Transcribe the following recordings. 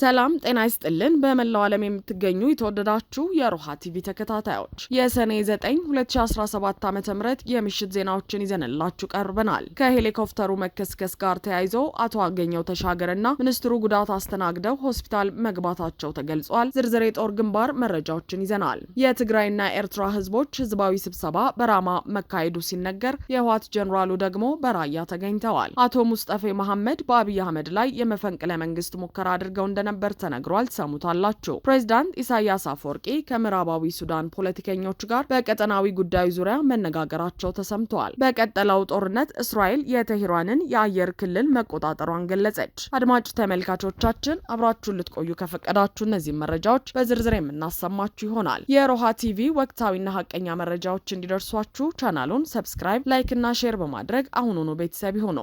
ሰላም ጤና ይስጥልን። በመላው ዓለም የምትገኙ የተወደዳችሁ የሮሃ ቲቪ ተከታታዮች የሰኔ 9 2017 ዓ ም የምሽት ዜናዎችን ይዘንላችሁ ቀርበናል። ከሄሊኮፕተሩ መከስከስ ጋር ተያይዞ አቶ አገኘው ተሻገርና ሚኒስትሩ ጉዳት አስተናግደው ሆስፒታል መግባታቸው ተገልጿል። ዝርዝር የጦር ግንባር መረጃዎችን ይዘናል። የትግራይና ኤርትራ ህዝቦች ህዝባዊ ስብሰባ በራማ መካሄዱ ሲነገር የህወሓት ጀኔራሉ ደግሞ በራያ ተገኝተዋል። አቶ ሙስጠፌ መሐመድ በአብይ አህመድ ላይ የመፈንቅለ መንግስት ሙከራ አድርገው እንደ እንደነበር ተነግሯል። ትሰሙታላችሁ። ፕሬዚዳንት ኢሳያስ አፈወርቂ ከምዕራባዊ ሱዳን ፖለቲከኞች ጋር በቀጠናዊ ጉዳዩ ዙሪያ መነጋገራቸው ተሰምተዋል። በቀጠለው ጦርነት እስራኤል የተሄራንን የአየር ክልል መቆጣጠሯን ገለጸች። አድማጭ ተመልካቾቻችን አብራችሁን ልትቆዩ ከፈቀዳችሁ እነዚህ መረጃዎች በዝርዝር የምናሰማችሁ ይሆናል። የሮሃ ቲቪ ወቅታዊና ሀቀኛ መረጃዎች እንዲደርሷችሁ ቻናሉን ሰብስክራይብ፣ ላይክ እና ሼር በማድረግ አሁኑኑ ቤተሰብ ይሁኑ።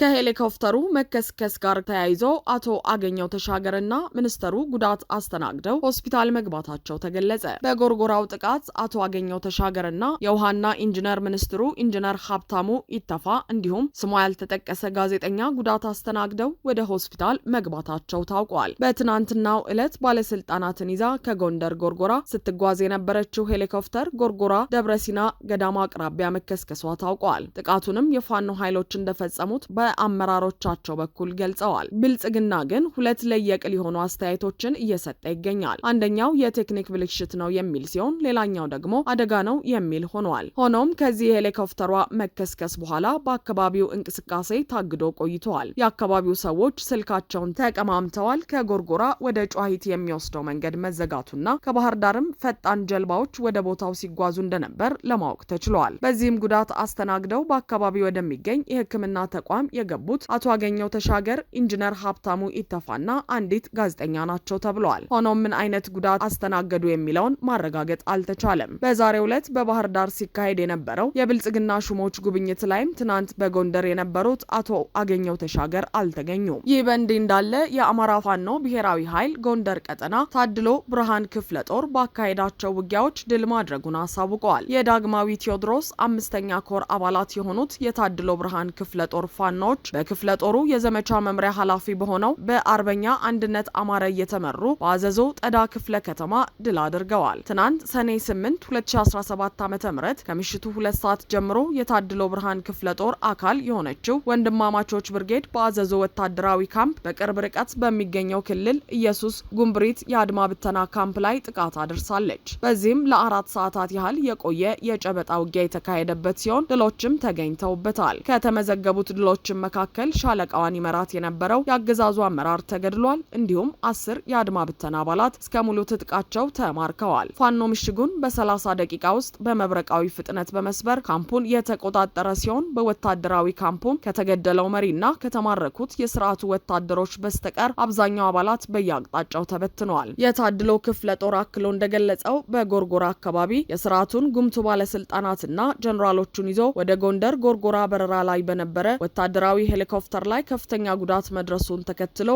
ከሄሊኮፕተሩ መከስከስ ጋር ተያይዞ አቶ አገኘው ተሻገርና ሚኒስተሩ ጉዳት አስተናግደው ሆስፒታል መግባታቸው ተገለጸ። በጎርጎራው ጥቃት አቶ አገኘው ተሻገርና የውሃና ኢንጂነር ሚኒስትሩ ኢንጂነር ሀብታሙ ኢተፋ እንዲሁም ስሟ ያልተጠቀሰ ጋዜጠኛ ጉዳት አስተናግደው ወደ ሆስፒታል መግባታቸው ታውቋል። በትናንትናው ዕለት ባለስልጣናትን ይዛ ከጎንደር ጎርጎራ ስትጓዝ የነበረችው ሄሊኮፕተር ጎርጎራ ደብረሲና ገዳማ አቅራቢያ መከስከሷ ታውቋል። ጥቃቱንም የፋኖ ኃይሎች እንደፈጸሙት በ በአመራሮቻቸው በኩል ገልጸዋል። ብልጽግና ግን ሁለት ለየቅል የሆኑ አስተያየቶችን እየሰጠ ይገኛል። አንደኛው የቴክኒክ ብልሽት ነው የሚል ሲሆን፣ ሌላኛው ደግሞ አደጋ ነው የሚል ሆኗል። ሆኖም ከዚህ የሄሊኮፕተሯ መከስከስ በኋላ በአካባቢው እንቅስቃሴ ታግዶ ቆይተዋል። የአካባቢው ሰዎች ስልካቸውን ተቀማምተዋል። ከጎርጎራ ወደ ጨዋሂት የሚወስደው መንገድ መዘጋቱና ከባህር ዳርም ፈጣን ጀልባዎች ወደ ቦታው ሲጓዙ እንደነበር ለማወቅ ተችሏል። በዚህም ጉዳት አስተናግደው በአካባቢው ወደሚገኝ የሕክምና ተቋም የገቡት አቶ አገኘው ተሻገር፣ ኢንጂነር ሀብታሙ ኢተፋና አንዲት ጋዜጠኛ ናቸው ተብለዋል። ሆኖም ምን አይነት ጉዳት አስተናገዱ የሚለውን ማረጋገጥ አልተቻለም። በዛሬው ዕለት በባህር ዳር ሲካሄድ የነበረው የብልጽግና ሹሞች ጉብኝት ላይም ትናንት በጎንደር የነበሩት አቶ አገኘው ተሻገር አልተገኙም። ይህ በእንዲህ እንዳለ የአማራ ፋኖ ብሔራዊ ኃይል ጎንደር ቀጠና ታድሎ ብርሃን ክፍለ ጦር ባካሄዳቸው ውጊያዎች ድል ማድረጉን አሳውቀዋል። የዳግማዊ ቴዎድሮስ አምስተኛ ኮር አባላት የሆኑት የታድሎ ብርሃን ክፍለ ጦር ፋኖ ቡድኖች በክፍለ ጦሩ የዘመቻ መምሪያ ኃላፊ በሆነው በአርበኛ አንድነት አማረ እየተመሩ በአዘዞ ጠዳ ክፍለ ከተማ ድል አድርገዋል። ትናንት ሰኔ 8 2017 ዓ ም ከምሽቱ ሁለት ሰዓት ጀምሮ የታድሎ ብርሃን ክፍለ ጦር አካል የሆነችው ወንድማማቾች ብርጌድ በአዘዞ ወታደራዊ ካምፕ በቅርብ ርቀት በሚገኘው ክልል ኢየሱስ ጉምብሪት የአድማ ብተና ካምፕ ላይ ጥቃት አድርሳለች። በዚህም ለአራት ሰዓታት ያህል የቆየ የጨበጣ ውጊያ የተካሄደበት ሲሆን ድሎችም ተገኝተውበታል። ከተመዘገቡት ድሎች ሰዎችን መካከል ሻለቃዋን ይመራት የነበረው የአገዛዙ አመራር ተገድሏል። እንዲሁም አስር የአድማ ብተና አባላት እስከ ሙሉ ትጥቃቸው ተማርከዋል። ፋኖ ምሽጉን በ30 ደቂቃ ውስጥ በመብረቃዊ ፍጥነት በመስበር ካምፑን የተቆጣጠረ ሲሆን በወታደራዊ ካምፑም ከተገደለው መሪና ከተማረኩት የስርዓቱ ወታደሮች በስተቀር አብዛኛው አባላት በየአቅጣጫው ተበትነዋል። የታድሎ ክፍለ ጦር አክሎ እንደገለጸው በጎርጎራ አካባቢ የስርዓቱን ጉምቱ ባለስልጣናትና ጀኔራሎቹን ይዞ ወደ ጎንደር ጎርጎራ በረራ ላይ በነበረ ወታደራ ወታደራዊ ሄሊኮፕተር ላይ ከፍተኛ ጉዳት መድረሱን ተከትሎ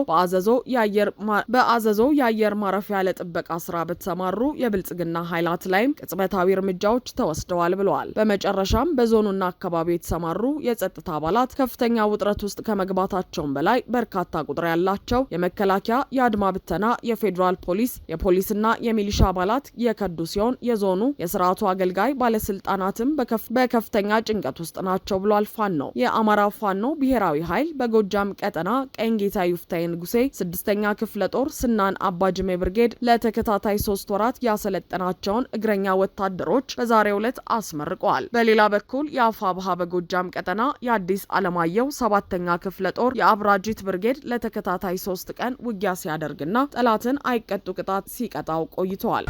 በአዘዞ የአየር ማረፊያ ለጥበቃ ስራ በተሰማሩ የብልጽግና ኃይላት ላይም ቅጽበታዊ እርምጃዎች ተወስደዋል ብለዋል። በመጨረሻም በዞኑና አካባቢው የተሰማሩ የጸጥታ አባላት ከፍተኛ ውጥረት ውስጥ ከመግባታቸውም በላይ በርካታ ቁጥር ያላቸው የመከላከያ፣ የአድማ ብተና፣ የፌዴራል ፖሊስ፣ የፖሊስና የሚሊሻ አባላት የከዱ ሲሆን የዞኑ የስርዓቱ አገልጋይ ባለስልጣናትም በከፍተኛ ጭንቀት ውስጥ ናቸው ብሏል። ፋኖ የአማራ ፋኖ ብሔራዊ ኃይል በጎጃም ቀጠና ቀኝ ጌታ ዩፍታይ ንጉሴ ስድስተኛ ክፍለ ጦር ስናን አባጅሜ ብርጌድ ለተከታታይ ሶስት ወራት ያሰለጠናቸውን እግረኛ ወታደሮች በዛሬው ዕለት አስመርቀዋል። በሌላ በኩል የአፋ ባሃ በጎጃም ቀጠና የአዲስ አለማየሁ ሰባተኛ ክፍለ ጦር የአብራጂት ብርጌድ ለተከታታይ ሶስት ቀን ውጊያ ሲያደርግና ጠላትን አይቀጡ ቅጣት ሲቀጣው ቆይተዋል።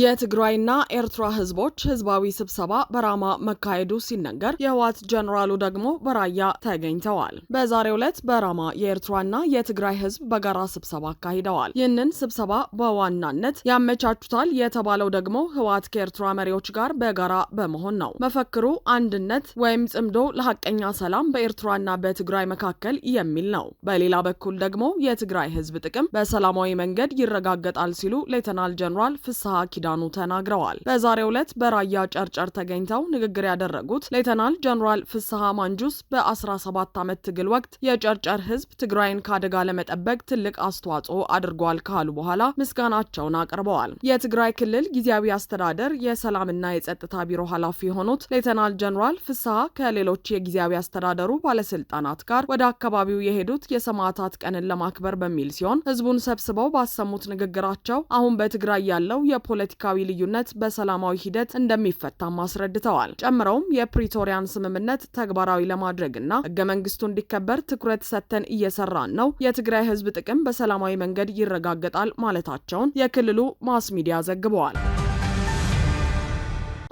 የትግራይና ኤርትራ ህዝቦች ህዝባዊ ስብሰባ በራማ መካሄዱ ሲነገር የህወሓት ጀኔራሉ ደግሞ በራያ ተገኝተዋል። በዛሬው ዕለት በራማ የኤርትራና የትግራይ ህዝብ በጋራ ስብሰባ አካሂደዋል። ይህንን ስብሰባ በዋናነት ያመቻቹታል የተባለው ደግሞ ህወሓት ከኤርትራ መሪዎች ጋር በጋራ በመሆን ነው። መፈክሩ አንድነት ወይም ጽምዶ ለሀቀኛ ሰላም በኤርትራና በትግራይ መካከል የሚል ነው። በሌላ በኩል ደግሞ የትግራይ ህዝብ ጥቅም በሰላማዊ መንገድ ይረጋገጣል ሲሉ ሌተናል ጀኔራል ፍስሐ ኪዳኑ ተናግረዋል። በዛሬው ዕለት በራያ ጨርጨር ተገኝተው ንግግር ያደረጉት ሌተናል ጀኔራል ፍስሐ ማንጁስ በ17 ዓመት ትግል ወቅት የጨርጨር ህዝብ ትግራይን ከአደጋ ለመጠበቅ ትልቅ አስተዋጽኦ አድርጓል ካሉ በኋላ ምስጋናቸውን አቅርበዋል። የትግራይ ክልል ጊዜያዊ አስተዳደር የሰላምና የጸጥታ ቢሮ ኃላፊ የሆኑት ሌተናል ጀኔራል ፍስሐ ከሌሎች የጊዜያዊ አስተዳደሩ ባለስልጣናት ጋር ወደ አካባቢው የሄዱት የሰማዕታት ቀንን ለማክበር በሚል ሲሆን ህዝቡን ሰብስበው ባሰሙት ንግግራቸው አሁን በትግራይ ያለው የፖለቲ ፖለቲካዊ ልዩነት በሰላማዊ ሂደት እንደሚፈታም አስረድተዋል። ጨምረውም የፕሪቶሪያን ስምምነት ተግባራዊ ለማድረግና ህገ መንግስቱ እንዲከበር ትኩረት ሰጥተን እየሰራን ነው፣ የትግራይ ህዝብ ጥቅም በሰላማዊ መንገድ ይረጋገጣል ማለታቸውን የክልሉ ማስ ሚዲያ ዘግበዋል።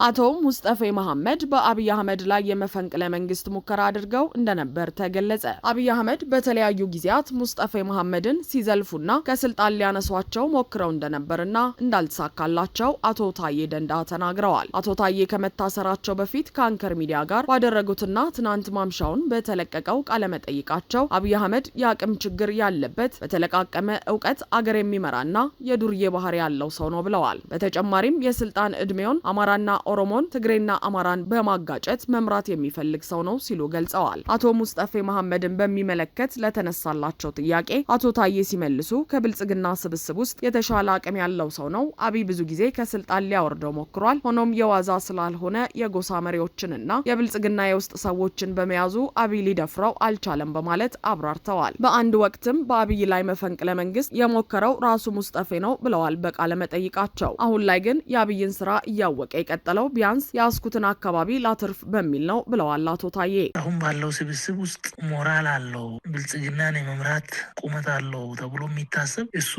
አቶ ሙስጠፌ መሐመድ በአብይ አህመድ ላይ የመፈንቅለ መንግስት ሙከራ አድርገው እንደነበር ተገለጸ። አብይ አህመድ በተለያዩ ጊዜያት ሙስጠፌ መሐመድን ሲዘልፉና ከስልጣን ሊያነሷቸው ሞክረው እንደነበርና እንዳልተሳካላቸው አቶ ታዬ ደንዳ ተናግረዋል። አቶ ታዬ ከመታሰራቸው በፊት ከአንከር ሚዲያ ጋር ባደረጉትና ትናንት ማምሻውን በተለቀቀው ቃለመጠይቃቸው አብይ አህመድ የአቅም ችግር ያለበት በተለቃቀመ እውቀት አገር የሚመራና የዱርዬ ባህሪ ያለው ሰው ነው ብለዋል። በተጨማሪም የስልጣን ዕድሜውን አማራና ኦሮሞን፣ ትግሬና አማራን በማጋጨት መምራት የሚፈልግ ሰው ነው ሲሉ ገልጸዋል። አቶ ሙስጠፌ መሐመድን በሚመለከት ለተነሳላቸው ጥያቄ አቶ ታዬ ሲመልሱ ከብልጽግና ስብስብ ውስጥ የተሻለ አቅም ያለው ሰው ነው። አብይ ብዙ ጊዜ ከስልጣን ሊያወርደው ሞክሯል። ሆኖም የዋዛ ስላልሆነ የጎሳ መሪዎችንና የብልጽግና የውስጥ ሰዎችን በመያዙ አብይ ሊደፍረው አልቻለም በማለት አብራርተዋል። በአንድ ወቅትም በአብይ ላይ መፈንቅለ መንግስት የሞከረው ራሱ ሙስጠፌ ነው ብለዋል በቃለ መጠይቃቸው። አሁን ላይ ግን የአብይን ስራ እያወቀ የቀጠለው የምችለው ቢያንስ የአስኩትን አካባቢ ላትርፍ በሚል ነው ብለዋል አቶ ታዬ። አሁን ባለው ስብስብ ውስጥ ሞራል አለው ብልጽግናን የመምራት ቁመት አለው ተብሎ የሚታሰብ እሱ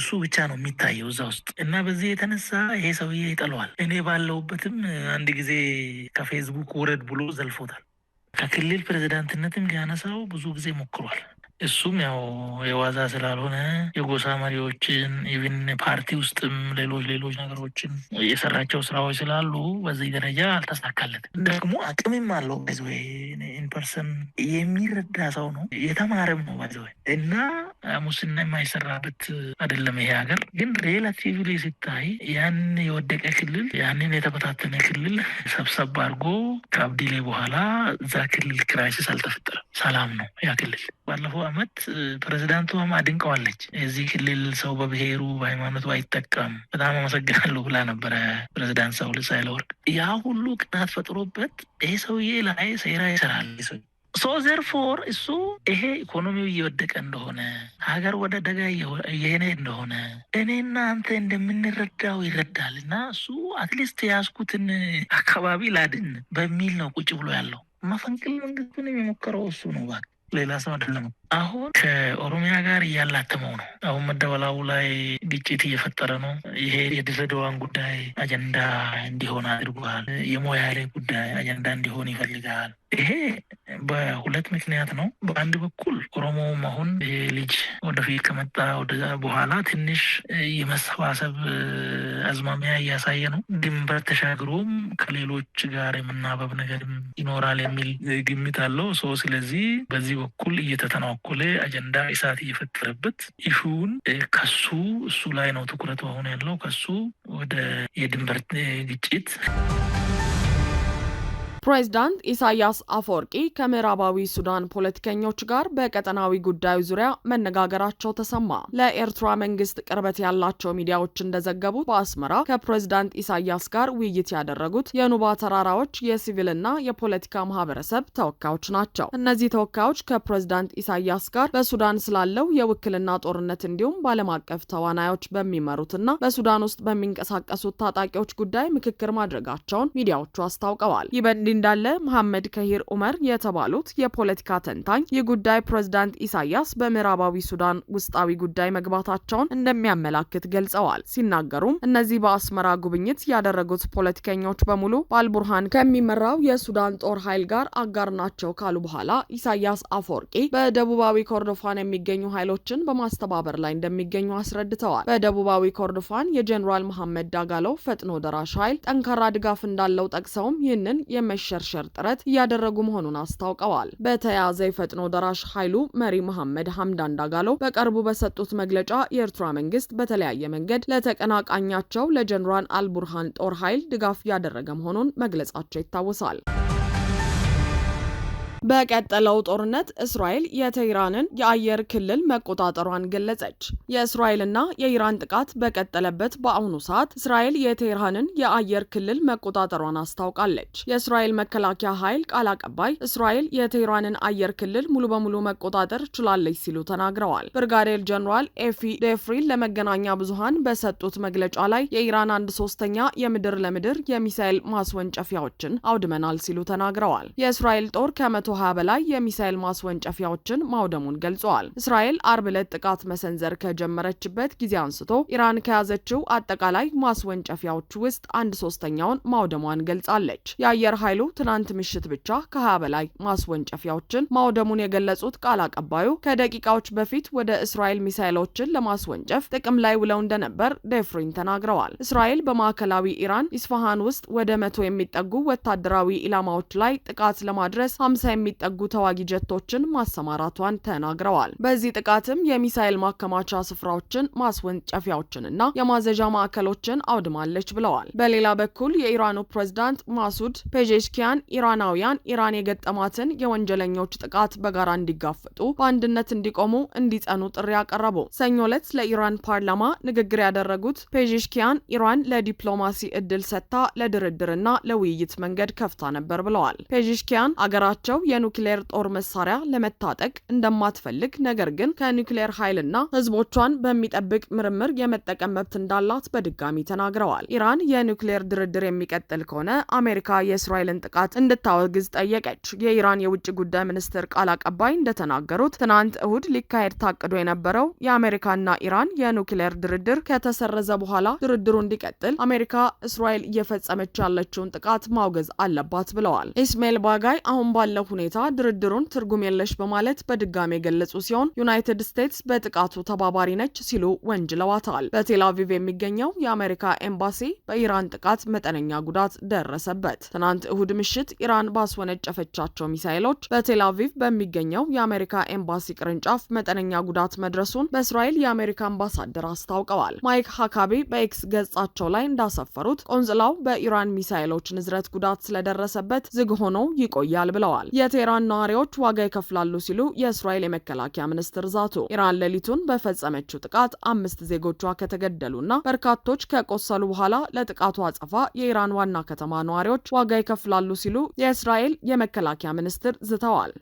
እሱ ብቻ ነው የሚታየው እዛ ውስጥ እና በዚህ የተነሳ ይሄ ሰውዬ ይጠለዋል። እኔ ባለውበትም አንድ ጊዜ ከፌስቡክ ውረድ ብሎ ዘልፎታል። ከክልል ፕሬዚዳንትነትም ሊያነሳው ብዙ ጊዜ ሞክሯል። እሱም ያው የዋዛ ስላልሆነ የጎሳ መሪዎችን ኢቭን ፓርቲ ውስጥም ሌሎች ሌሎች ነገሮችን የሰራቸው ስራዎች ስላሉ በዚህ ደረጃ አልተሳካለትም። ደግሞ አቅምም አለው በዚህ ኢንፐርሰን የሚረዳ ሰው ነው፣ የተማረም ነው በዚህ እና ሙስና የማይሰራበት አይደለም ይሄ ሀገር። ግን ሬላቲቭሊ ሲታይ ያን የወደቀ ክልል ያንን የተበታተነ ክልል ሰብሰብ አድርጎ ከአብዲሌ በኋላ እዛ ክልል ክራይሲስ አልተፈጠረም። ሰላም ነው ያ ክልል ባለፈው አመት ፕሬዚዳንቱም አድንቀዋለች። የዚህ ክልል ሰው በብሔሩ በሃይማኖቱ አይጠቀም በጣም አመሰግናለሁ ብላ ነበረ ፕሬዚዳንት ሳውል ሳህለወርቅ። ያ ሁሉ ቅናት ፈጥሮበት ይሄ ሰውዬ ላይ ሴራ ይሰራል ሶ ዘርፎር እሱ ይሄ ኢኮኖሚው እየወደቀ እንደሆነ ሀገር ወደ ደጋ እየሄነ እንደሆነ እኔና አንተ እንደምንረዳው ይረዳል እና እሱ አትሊስት የያዝኩትን አካባቢ ላድን በሚል ነው ቁጭ ብሎ ያለው። መፈንቅል መንግስቱን የሚሞከረው እሱ ነው። እባክህ ሌላ ሰው አይደለም። አሁን ከኦሮሚያ ጋር እያላተመው ነው። አሁን መደወላቡ ላይ ግጭት እየፈጠረ ነው። ይሄ የድሬዳዋን ጉዳይ አጀንዳ እንዲሆን አድርጓል። የሞያሌ ጉዳይ አጀንዳ እንዲሆን ይፈልጋል። ይሄ በሁለት ምክንያት ነው። በአንድ በኩል ኦሮሞ መሆን ይሄ ልጅ ወደፊት ከመጣ ወደዛ በኋላ ትንሽ የመሰባሰብ አዝማሚያ እያሳየ ነው። ድንበር ተሻግሮም ከሌሎች ጋር የምናበብ ነገር ይኖራል የሚል ግምት አለው ሰው ስለዚህ በዚህ በኩል እየተተናው ቸኮሌ አጀንዳ እሳት እየፈጠረበት ኢሹውን ከሱ እሱ ላይ ነው ትኩረቱ አሁን ያለው ከሱ ወደ የድንበር ግጭት ፕሬዚዳንት ኢሳያስ አፈወርቂ ከምዕራባዊ ሱዳን ፖለቲከኞች ጋር በቀጠናዊ ጉዳዩ ዙሪያ መነጋገራቸው ተሰማ። ለኤርትራ መንግስት ቅርበት ያላቸው ሚዲያዎች እንደዘገቡት በአስመራ ከፕሬዚዳንት ኢሳያስ ጋር ውይይት ያደረጉት የኑባ ተራራዎች የሲቪልና የፖለቲካ ማህበረሰብ ተወካዮች ናቸው። እነዚህ ተወካዮች ከፕሬዚዳንት ኢሳያስ ጋር በሱዳን ስላለው የውክልና ጦርነት እንዲሁም በዓለም አቀፍ ተዋናዮች በሚመሩትና በሱዳን ውስጥ በሚንቀሳቀሱት ታጣቂዎች ጉዳይ ምክክር ማድረጋቸውን ሚዲያዎቹ አስታውቀዋል። ይህ በእንዲህ እንዳለ መሐመድ ከሂር ኡመር የተባሉት የፖለቲካ ተንታኝ የጉዳይ ፕሬዝዳንት ኢሳያስ በምዕራባዊ ሱዳን ውስጣዊ ጉዳይ መግባታቸውን እንደሚያመላክት ገልጸዋል። ሲናገሩም እነዚህ በአስመራ ጉብኝት ያደረጉት ፖለቲከኞች በሙሉ በአልቡርሃን ከሚመራው የሱዳን ጦር ኃይል ጋር አጋር ናቸው ካሉ በኋላ ኢሳያስ አፈወርቂ በደቡባዊ ኮርዶፋን የሚገኙ ኃይሎችን በማስተባበር ላይ እንደሚገኙ አስረድተዋል። በደቡባዊ ኮርዶፋን የጀኔራል መሐመድ ዳጋሎ ፈጥኖ ደራሽ ኃይል ጠንካራ ድጋፍ እንዳለው ጠቅሰውም ይህንን የመሸ የማሸርሸር ጥረት እያደረጉ መሆኑን አስታውቀዋል። በተያያዘ የፈጥኖ ደራሽ ኃይሉ መሪ መሐመድ ሐምዳን ዳጋሎ በቅርቡ በሰጡት መግለጫ የኤርትራ መንግስት በተለያየ መንገድ ለተቀናቃኛቸው ለጀኔራል አልቡርሃን ጦር ኃይል ድጋፍ ያደረገ መሆኑን መግለጻቸው ይታወሳል። በቀጠለው ጦርነት እስራኤል የቴህራንን የአየር ክልል መቆጣጠሯን ገለጸች። የእስራኤልና የኢራን ጥቃት በቀጠለበት በአሁኑ ሰዓት እስራኤል የቴህራንን የአየር ክልል መቆጣጠሯን አስታውቃለች። የእስራኤል መከላከያ ኃይል ቃል አቀባይ እስራኤል የቴህራንን አየር ክልል ሙሉ በሙሉ መቆጣጠር ችላለች ሲሉ ተናግረዋል። ብርጋዴር ጀኔራል ኤፊ ዴፍሪን ለመገናኛ ብዙሃን በሰጡት መግለጫ ላይ የኢራን አንድ ሶስተኛ የምድር ለምድር የሚሳኤል ማስወንጨፊያዎችን አውድመናል ሲሉ ተናግረዋል። የእስራኤል ጦር ከመቶ ከ በላይ የሚሳኤል ማስወንጨፊያዎችን ማውደሙን ገልጸዋል። እስራኤል አርብ ዕለት ጥቃት መሰንዘር ከጀመረችበት ጊዜ አንስቶ ኢራን ከያዘችው አጠቃላይ ማስወንጨፊያዎች ውስጥ አንድ ሶስተኛውን ማውደሟን ገልጻለች። የአየር ኃይሉ ትናንት ምሽት ብቻ ከ20 በላይ ማስወንጨፊያዎችን ማውደሙን የገለጹት ቃል አቀባዩ ከደቂቃዎች በፊት ወደ እስራኤል ሚሳኤሎችን ለማስወንጨፍ ጥቅም ላይ ውለው እንደነበር ደፍሪን ተናግረዋል። እስራኤል በማዕከላዊ ኢራን ኢስፋሃን ውስጥ ወደ መቶ የሚጠጉ ወታደራዊ ኢላማዎች ላይ ጥቃት ለማድረስ 50 የሚጠጉ ተዋጊ ጀቶችን ማሰማራቷን ተናግረዋል። በዚህ ጥቃትም የሚሳኤል ማከማቻ ስፍራዎችን፣ ማስወንጨፊያዎችንና የማዘዣ ማዕከሎችን አውድማለች ብለዋል። በሌላ በኩል የኢራኑ ፕሬዝዳንት ማሱድ ፔጄሽኪያን ኢራናውያን ኢራን የገጠማትን የወንጀለኞች ጥቃት በጋራ እንዲጋፈጡ በአንድነት እንዲቆሙ እንዲጸኑ ጥሪ አቀረቡ። ሰኞ ዕለት ለኢራን ፓርላማ ንግግር ያደረጉት ፔጄሽኪያን ኢራን ለዲፕሎማሲ እድል ሰጥታ ለድርድርና ለውይይት መንገድ ከፍታ ነበር ብለዋል። ፔጄሽኪያን አገራቸው የኑክሌር ጦር መሳሪያ ለመታጠቅ እንደማትፈልግ ነገር ግን ከኑክሌር ኃይልና ህዝቦቿን በሚጠብቅ ምርምር የመጠቀም መብት እንዳላት በድጋሚ ተናግረዋል። ኢራን የኑክሌር ድርድር የሚቀጥል ከሆነ አሜሪካ የእስራኤልን ጥቃት እንድታወግዝ ጠየቀች። የኢራን የውጭ ጉዳይ ሚኒስትር ቃል አቀባይ እንደተናገሩት ትናንት እሁድ ሊካሄድ ታቅዶ የነበረው የአሜሪካና ኢራን የኑክሌር ድርድር ከተሰረዘ በኋላ ድርድሩ እንዲቀጥል አሜሪካ እስራኤል እየፈጸመች ያለችውን ጥቃት ማውገዝ አለባት ብለዋል። ኢስማኤል ባጋይ አሁን ባለው ሁኔታ ድርድሩን ትርጉም የለሽ በማለት በድጋሚ የገለጹ ሲሆን ዩናይትድ ስቴትስ በጥቃቱ ተባባሪ ነች ሲሉ ወንጅለዋታል። በቴልአቪቭ የሚገኘው የአሜሪካ ኤምባሲ በኢራን ጥቃት መጠነኛ ጉዳት ደረሰበት። ትናንት እሁድ ምሽት ኢራን ባስወነጨፈቻቸው ሚሳይሎች በቴልአቪቭ በሚገኘው የአሜሪካ ኤምባሲ ቅርንጫፍ መጠነኛ ጉዳት መድረሱን በእስራኤል የአሜሪካ አምባሳደር አስታውቀዋል። ማይክ ሀካቢ በኤክስ ገጻቸው ላይ እንዳሰፈሩት ቆንጽላው በኢራን ሚሳይሎች ንዝረት ጉዳት ስለደረሰበት ዝግ ሆኖ ይቆያል ብለዋል። የቴህራን ነዋሪዎች ዋጋ ይከፍላሉ ሲሉ የእስራኤል የመከላከያ ሚኒስትር ዛቱ። ኢራን ሌሊቱን በፈጸመችው ጥቃት አምስት ዜጎቿ ከተገደሉና በርካቶች ከቆሰሉ በኋላ ለጥቃቱ አጸፋ የኢራን ዋና ከተማ ነዋሪዎች ዋጋ ይከፍላሉ ሲሉ የእስራኤል የመከላከያ ሚኒስትር ዝተዋል።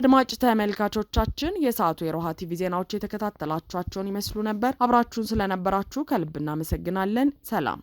አድማጭ ተመልካቾቻችን የሰዓቱ የሮሃ ቲቪ ዜናዎች የተከታተላችኋቸውን ይመስሉ ነበር። አብራችሁን ስለነበራችሁ ከልብ እናመሰግናለን። ሰላም